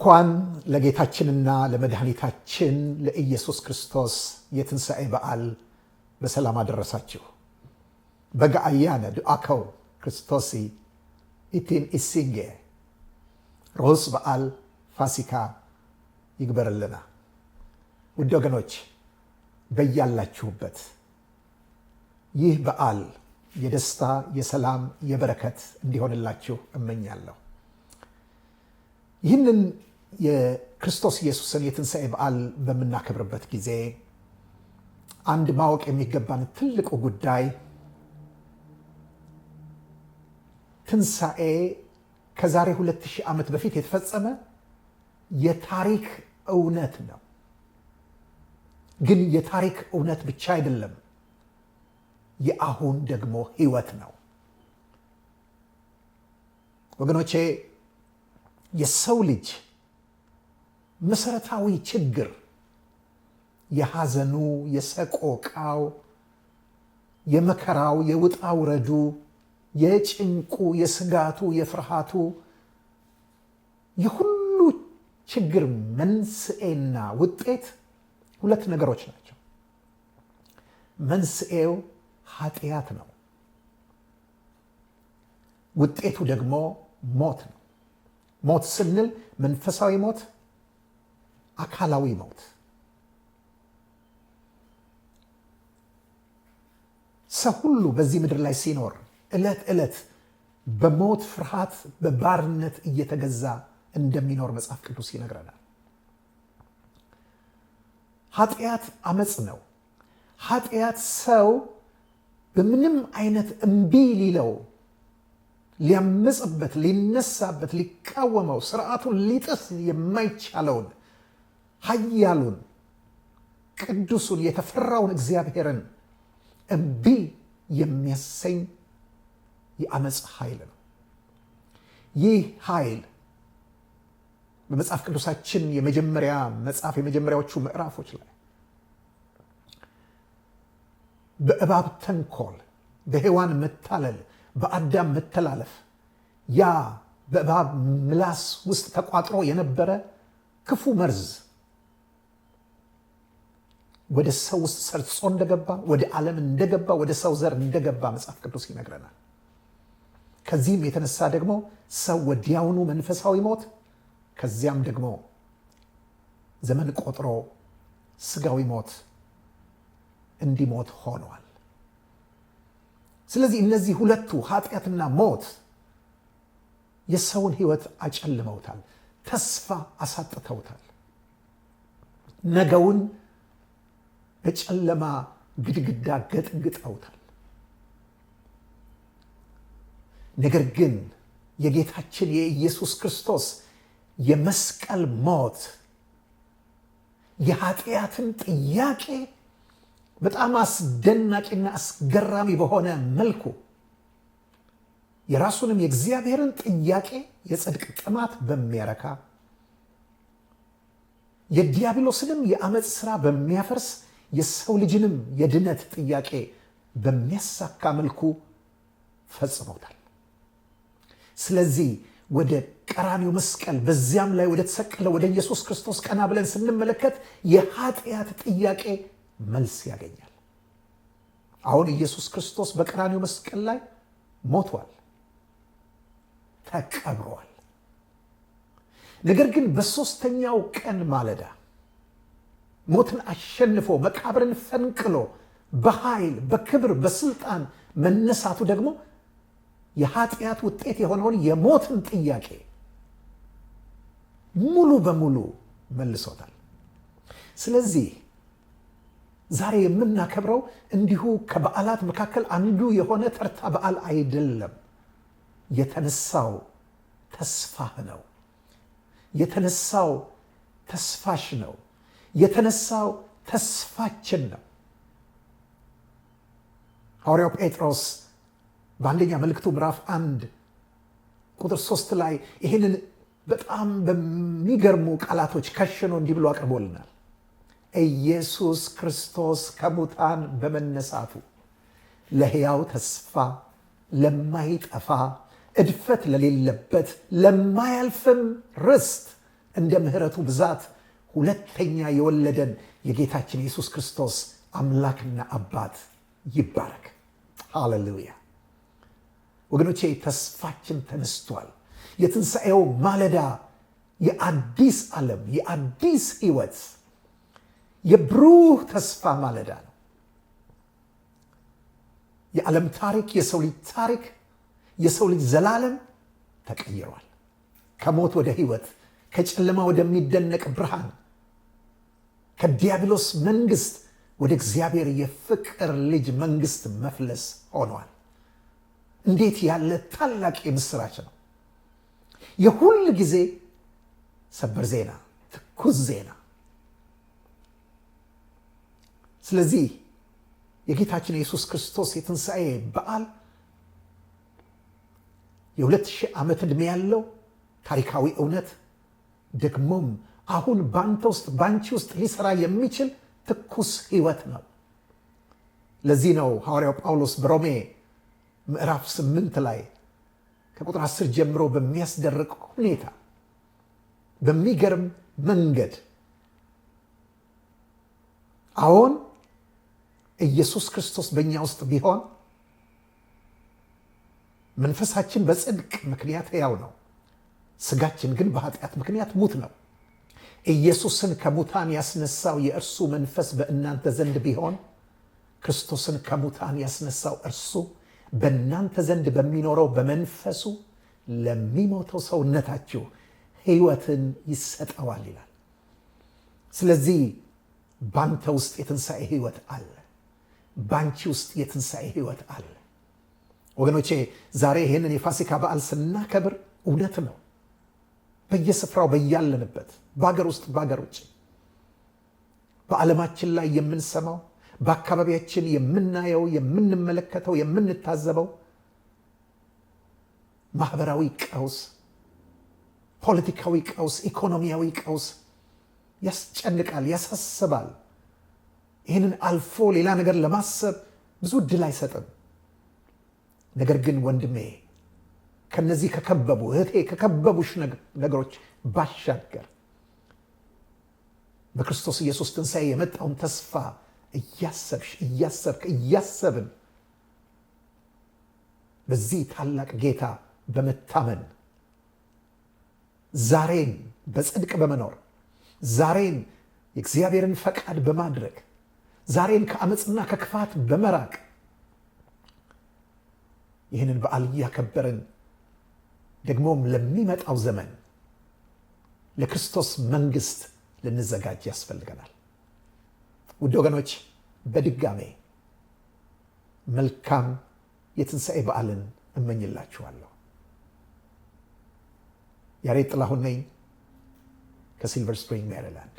እንኳን ለጌታችንና ለመድኃኒታችን ለኢየሱስ ክርስቶስ የትንሣኤ በዓል በሰላም አደረሳችሁ። በጋአያነ ዱአከው ክርስቶሲ ኢቲን ኢሲንጌ ሮስ በዓል ፋሲካ ይግበርልና። ውድ ወገኖች በያላችሁበት ይህ በዓል የደስታ፣ የሰላም፣ የበረከት እንዲሆንላችሁ እመኛለሁ። ይህንን የክርስቶስ ኢየሱስን የትንሣኤ በዓል በምናከብርበት ጊዜ አንድ ማወቅ የሚገባን ትልቁ ጉዳይ ትንሣኤ ከዛሬ 2000 ዓመት በፊት የተፈጸመ የታሪክ እውነት ነው። ግን የታሪክ እውነት ብቻ አይደለም፣ የአሁን ደግሞ ሕይወት ነው። ወገኖቼ የሰው ልጅ መሰረታዊ ችግር የሐዘኑ፣ የሰቆቃው፣ የመከራው፣ የውጣውረዱ የጭንቁ፣ የስጋቱ፣ የፍርሃቱ የሁሉ ችግር መንስኤና ውጤት ሁለት ነገሮች ናቸው። መንስኤው ኃጢአት ነው። ውጤቱ ደግሞ ሞት ነው። ሞት ስንል መንፈሳዊ ሞት አካላዊ ሞት ሰው ሁሉ በዚህ ምድር ላይ ሲኖር ዕለት ዕለት በሞት ፍርሃት በባርነት እየተገዛ እንደሚኖር መጽሐፍ ቅዱስ ይነግረናል። ኃጢአት አመፅ ነው። ኃጢአት ሰው በምንም አይነት እምቢ ሊለው ሊያምፅበት፣ ሊነሳበት፣ ሊቃወመው ስርዓቱን ሊጥስ የማይቻለውን ኃያሉን ቅዱሱን የተፈራውን እግዚአብሔርን እምቢ የሚያሰኝ የአመፅ ኃይል ነው። ይህ ኃይል በመጽሐፍ ቅዱሳችን የመጀመሪያ መጽሐፍ የመጀመሪያዎቹ ምዕራፎች ላይ በእባብ ተንኮል፣ በሔዋን መታለል፣ በአዳም መተላለፍ ያ በእባብ ምላስ ውስጥ ተቋጥሮ የነበረ ክፉ መርዝ ወደ ሰው ውስጥ ሰርጾ እንደገባ ወደ ዓለም እንደገባ ወደ ሰው ዘር እንደገባ መጽሐፍ ቅዱስ ይነግረናል። ከዚህም የተነሳ ደግሞ ሰው ወዲያውኑ መንፈሳዊ ሞት፣ ከዚያም ደግሞ ዘመን ቆጥሮ ስጋዊ ሞት እንዲሞት ሆኗል። ስለዚህ እነዚህ ሁለቱ ኃጢአትና ሞት የሰውን ሕይወት አጨልመውታል፣ ተስፋ አሳጥተውታል፣ ነገውን በጨለማ ግድግዳ ገጥግጠውታል። ነገር ግን የጌታችን የኢየሱስ ክርስቶስ የመስቀል ሞት የኃጢአትን ጥያቄ በጣም አስደናቂና አስገራሚ በሆነ መልኩ የራሱንም የእግዚአብሔርን ጥያቄ የጽድቅ ጥማት በሚያረካ የዲያብሎስንም የአመፅ ሥራ በሚያፈርስ የሰው ልጅንም የድነት ጥያቄ በሚያሳካ መልኩ ፈጽሞታል። ስለዚህ ወደ ቀራኒው መስቀል በዚያም ላይ ወደ ተሰቀለ ወደ ኢየሱስ ክርስቶስ ቀና ብለን ስንመለከት የኃጢአት ጥያቄ መልስ ያገኛል። አሁን ኢየሱስ ክርስቶስ በቀራኒው መስቀል ላይ ሞቷል፣ ተቀብሯል። ነገር ግን በሦስተኛው ቀን ማለዳ ሞትን አሸንፎ መቃብርን ፈንቅሎ በኃይል በክብር በስልጣን መነሳቱ ደግሞ የኃጢአት ውጤት የሆነውን የሞትን ጥያቄ ሙሉ በሙሉ መልሶታል። ስለዚህ ዛሬ የምናከብረው እንዲሁ ከበዓላት መካከል አንዱ የሆነ ተርታ በዓል አይደለም። የተነሳው ተስፋህ ነው። የተነሳው ተስፋሽ ነው። የተነሳው ተስፋችን ነው። ሐዋርያው ጴጥሮስ በአንደኛ መልእክቱ ምዕራፍ አንድ ቁጥር ሶስት ላይ ይህንን በጣም በሚገርሙ ቃላቶች ከሽኖ እንዲህ ብሎ አቅርቦልናል። ኢየሱስ ክርስቶስ ከሙታን በመነሳቱ ለሕያው ተስፋ ለማይጠፋ እድፈት ለሌለበት ለማያልፍም ርስት እንደ ምሕረቱ ብዛት ሁለተኛ የወለደን የጌታችን ኢየሱስ ክርስቶስ አምላክና አባት ይባረክ። ሃሌሉያ ወገኖቼ፣ ተስፋችን ተነስቷል። የትንሣኤው ማለዳ የአዲስ ዓለም የአዲስ ሕይወት የብሩህ ተስፋ ማለዳ ነው። የዓለም ታሪክ፣ የሰው ልጅ ታሪክ፣ የሰው ልጅ ዘላለም ተቀይሯል ከሞት ወደ ሕይወት ከጨለማ ወደሚደነቅ ብርሃን፣ ከዲያብሎስ መንግስት ወደ እግዚአብሔር የፍቅር ልጅ መንግስት መፍለስ ሆኗል። እንዴት ያለ ታላቅ የምስራች ነው! የሁል ጊዜ ሰበር ዜና፣ ትኩስ ዜና። ስለዚህ የጌታችን የኢየሱስ ክርስቶስ የትንሣኤ በዓል የሁለት ሺህ ዓመት ዕድሜ ያለው ታሪካዊ እውነት ደግሞም አሁን በአንተ ውስጥ በአንቺ ውስጥ ሊሰራ የሚችል ትኩስ ህይወት ነው። ለዚህ ነው ሐዋርያው ጳውሎስ በሮሜ ምዕራፍ ስምንት ላይ ከቁጥር አስር ጀምሮ በሚያስደርቅ ሁኔታ በሚገርም መንገድ አሁን ኢየሱስ ክርስቶስ በእኛ ውስጥ ቢሆን መንፈሳችን በጽድቅ ምክንያት ሕያው ነው ስጋችን ግን በኃጢአት ምክንያት ሙት ነው። ኢየሱስን ከሙታን ያስነሳው የእርሱ መንፈስ በእናንተ ዘንድ ቢሆን ክርስቶስን ከሙታን ያስነሳው እርሱ በእናንተ ዘንድ በሚኖረው በመንፈሱ ለሚሞተው ሰውነታችሁ ሕይወትን ይሰጠዋል ይላል። ስለዚህ ባንተ ውስጥ የትንሣኤ ሕይወት አለ። ባንቺ ውስጥ የትንሣኤ ሕይወት አለ። ወገኖቼ ዛሬ ይህንን የፋሲካ በዓል ስናከብር እውነት ነው በየስፍራው በያለንበት በሀገር ውስጥ በሀገር ውጭ በዓለማችን ላይ የምንሰማው በአካባቢያችን የምናየው የምንመለከተው የምንታዘበው ማህበራዊ ቀውስ፣ ፖለቲካዊ ቀውስ፣ ኢኮኖሚያዊ ቀውስ ያስጨንቃል፣ ያሳስባል። ይህንን አልፎ ሌላ ነገር ለማሰብ ብዙ እድል አይሰጥም። ነገር ግን ወንድሜ ከነዚህ ከከበቡ እህቴ ከከበቡሽ ነገሮች ባሻገር በክርስቶስ ኢየሱስ ትንሣኤ የመጣውን ተስፋ እያሰብሽ እያሰብክ እያሰብን በዚህ ታላቅ ጌታ በመታመን ዛሬን በጽድቅ በመኖር ዛሬን የእግዚአብሔርን ፈቃድ በማድረግ ዛሬን ከአመፅና ከክፋት በመራቅ ይህንን በዓል እያከበርን ደግሞም ለሚመጣው ዘመን ለክርስቶስ መንግስት ልንዘጋጅ ያስፈልገናል። ውድ ወገኖች በድጋሜ መልካም የትንሣኤ በዓልን እመኝላችኋለሁ። ያሬድ ጥላሁን ነኝ ከሲልቨር ስፕሪንግ ሜሪላንድ።